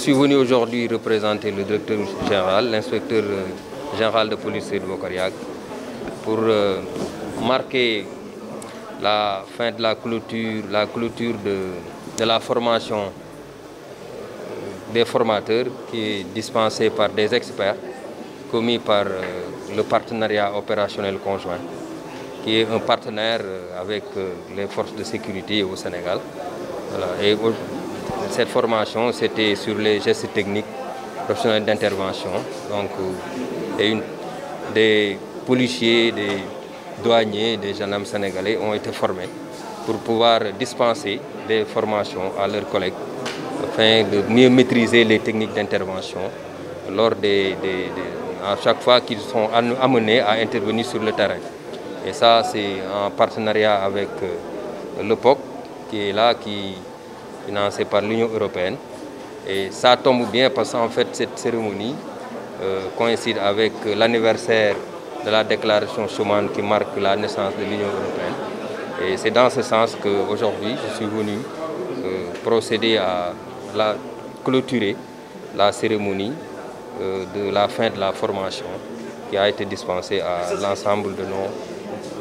Je suis venu aujourd'hui représenter le directeur général, l'inspecteur euh, général de police de Bocariac, pour euh, marquer la fin de la clôture, la clôture de, la formation euh, des formateurs qui est dispensée par des experts commis par le partenariat opérationnel conjoint, qui est un partenaire avec les forces de sécurité au Sénégal. Cette formation, c'était sur les gestes techniques professionnels d'intervention. Donc, euh, des policiers, des douaniers, des gendarmes sénégalais ont été formés pour pouvoir dispenser des formations à leurs collègues afin de mieux maîtriser les techniques d'intervention lors des, à chaque fois qu'ils sont amenés à intervenir sur le terrain. Et ça, c'est en partenariat avec euh, l'EPOC qui est là, qui financé par l'Union européenne. Et ça tombe bien parce qu'en fait, cette cérémonie euh, coïncide avec euh, l'anniversaire de la déclaration Schuman qui marque la naissance de l'Union européenne. Et c'est dans ce sens qu'aujourd'hui, je suis venu euh, procéder à la, clôturer la cérémonie de la fin de la formation qui a été dispensée à l'ensemble de nos,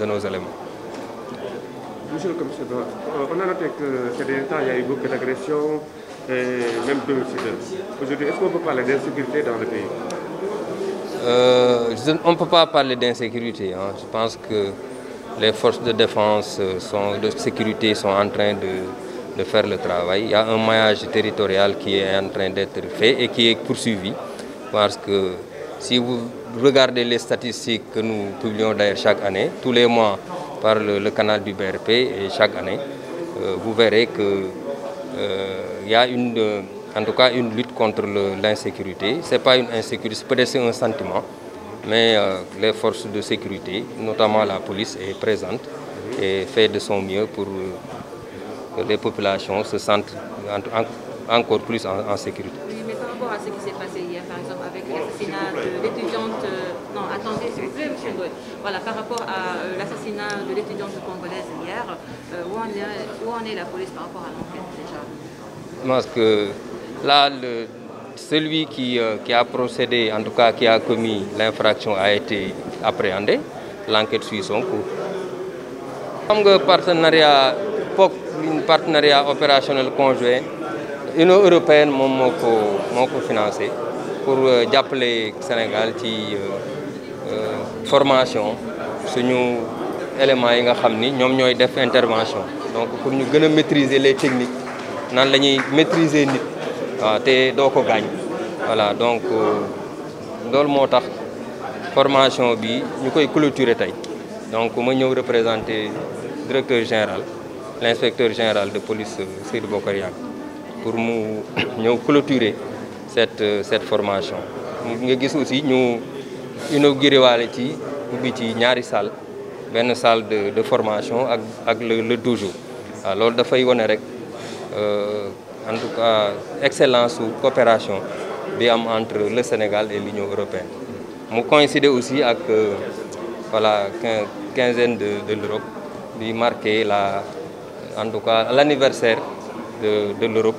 de nos éléments. Monsieur le commissaire, on a noté que ces derniers temps, il y a eu beaucoup d'agressions, même de Aujourd'hui, est-ce qu'on peut parler d'insécurité dans le pays euh, On ne peut pas parler d'insécurité. Hein. Je pense que les forces de défense, euh, de sécurité sont en train de, de, faire le travail. Il y a un maillage territorial qui est en train d'être fait et qui est poursuivi. Parce que si vous regardez les statistiques que nous publions d'ailleurs chaque année, tous les mois, par le, canal du BRP et chaque année, euh, vous verrez qu'il euh, y a une, euh, en tout cas une lutte contre l'insécurité. Ce n'est pas une insécurité, c'est peut-être un sentiment, mais les forces de sécurité, notamment la police, est présente et fait de son mieux pour que les populations se sentent encore plus en sécurité. Par rapport à ce qui s'est passé hier, par exemple, avec l'assassinat de l'étudiante... Euh, non, attendez, s'il vous plaît, monsieur Voilà, par rapport à euh, l'assassinat de l'étudiante congolaise hier, euh, où en, est, la police par rapport à l'enquête, déjà Parce que là, celui qui, qui, a procédé, en tout cas qui a commis l'infraction, a été appréhendé. L'enquête suit son cours. Comme partenariat, POC, partenariat opérationnel conjoint, L'Union européenne m'a moo ko pour financé pour euh, jàppale Sénégal ci euh, euh, formation suñu éléments yi nga qui Nous ñoom def intervention donc pour ñu maîtriser les techniques nous la maîtriser nit techniques te doo ko voilà donc loolu moo la formation nous avons clôturé. clôturer donc ma représenter directeur général l'inspecteur général de police Seydou Bokar pour nous clôturer cette euh, cette formation. Nous avons aussi ñu inauguré une salle benn salle de de formation ak ak le le dojo Alors, ah, loolu dafay rek euh, en tout cas excellence ou coopération entre le Sénégal et l'Union européenne. Nous coïncider aussi avec euh, voilà quinzaine de de l'Europe bi marqué la en tout cas l'anniversaire de de l'Europe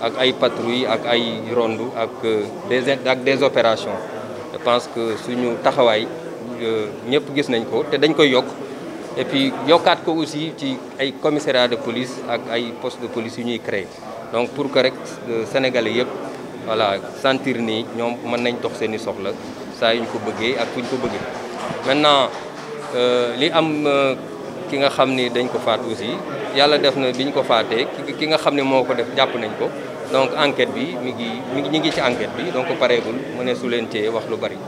ak ay patrouilles, ak ay rondes, ak euh, des ak des opérations je pense que suñu taxawaay euh, ñëpp gis nañ ko te dañ koy yokk et puis yokkaat ko aussi ci ay commissariat de police ak ay postes de police yu ñuy créé donc pour que rek euh, sénégalais yëpp voilà sentir nii ñoom mën nañ dox seen i soxla saa yu ñu ko bëggee ak fu ko bëggee maintenant li am ki nga xam ni dañ ko faat aussi yàlla def na bi ñu ko faatee ki nga xam ne moo ko def jàpp nañ ko donc enquête bi mi ngi mi ngi ñu ngi ci enquête bi donc pareegul mu ne su leen wax lu bari.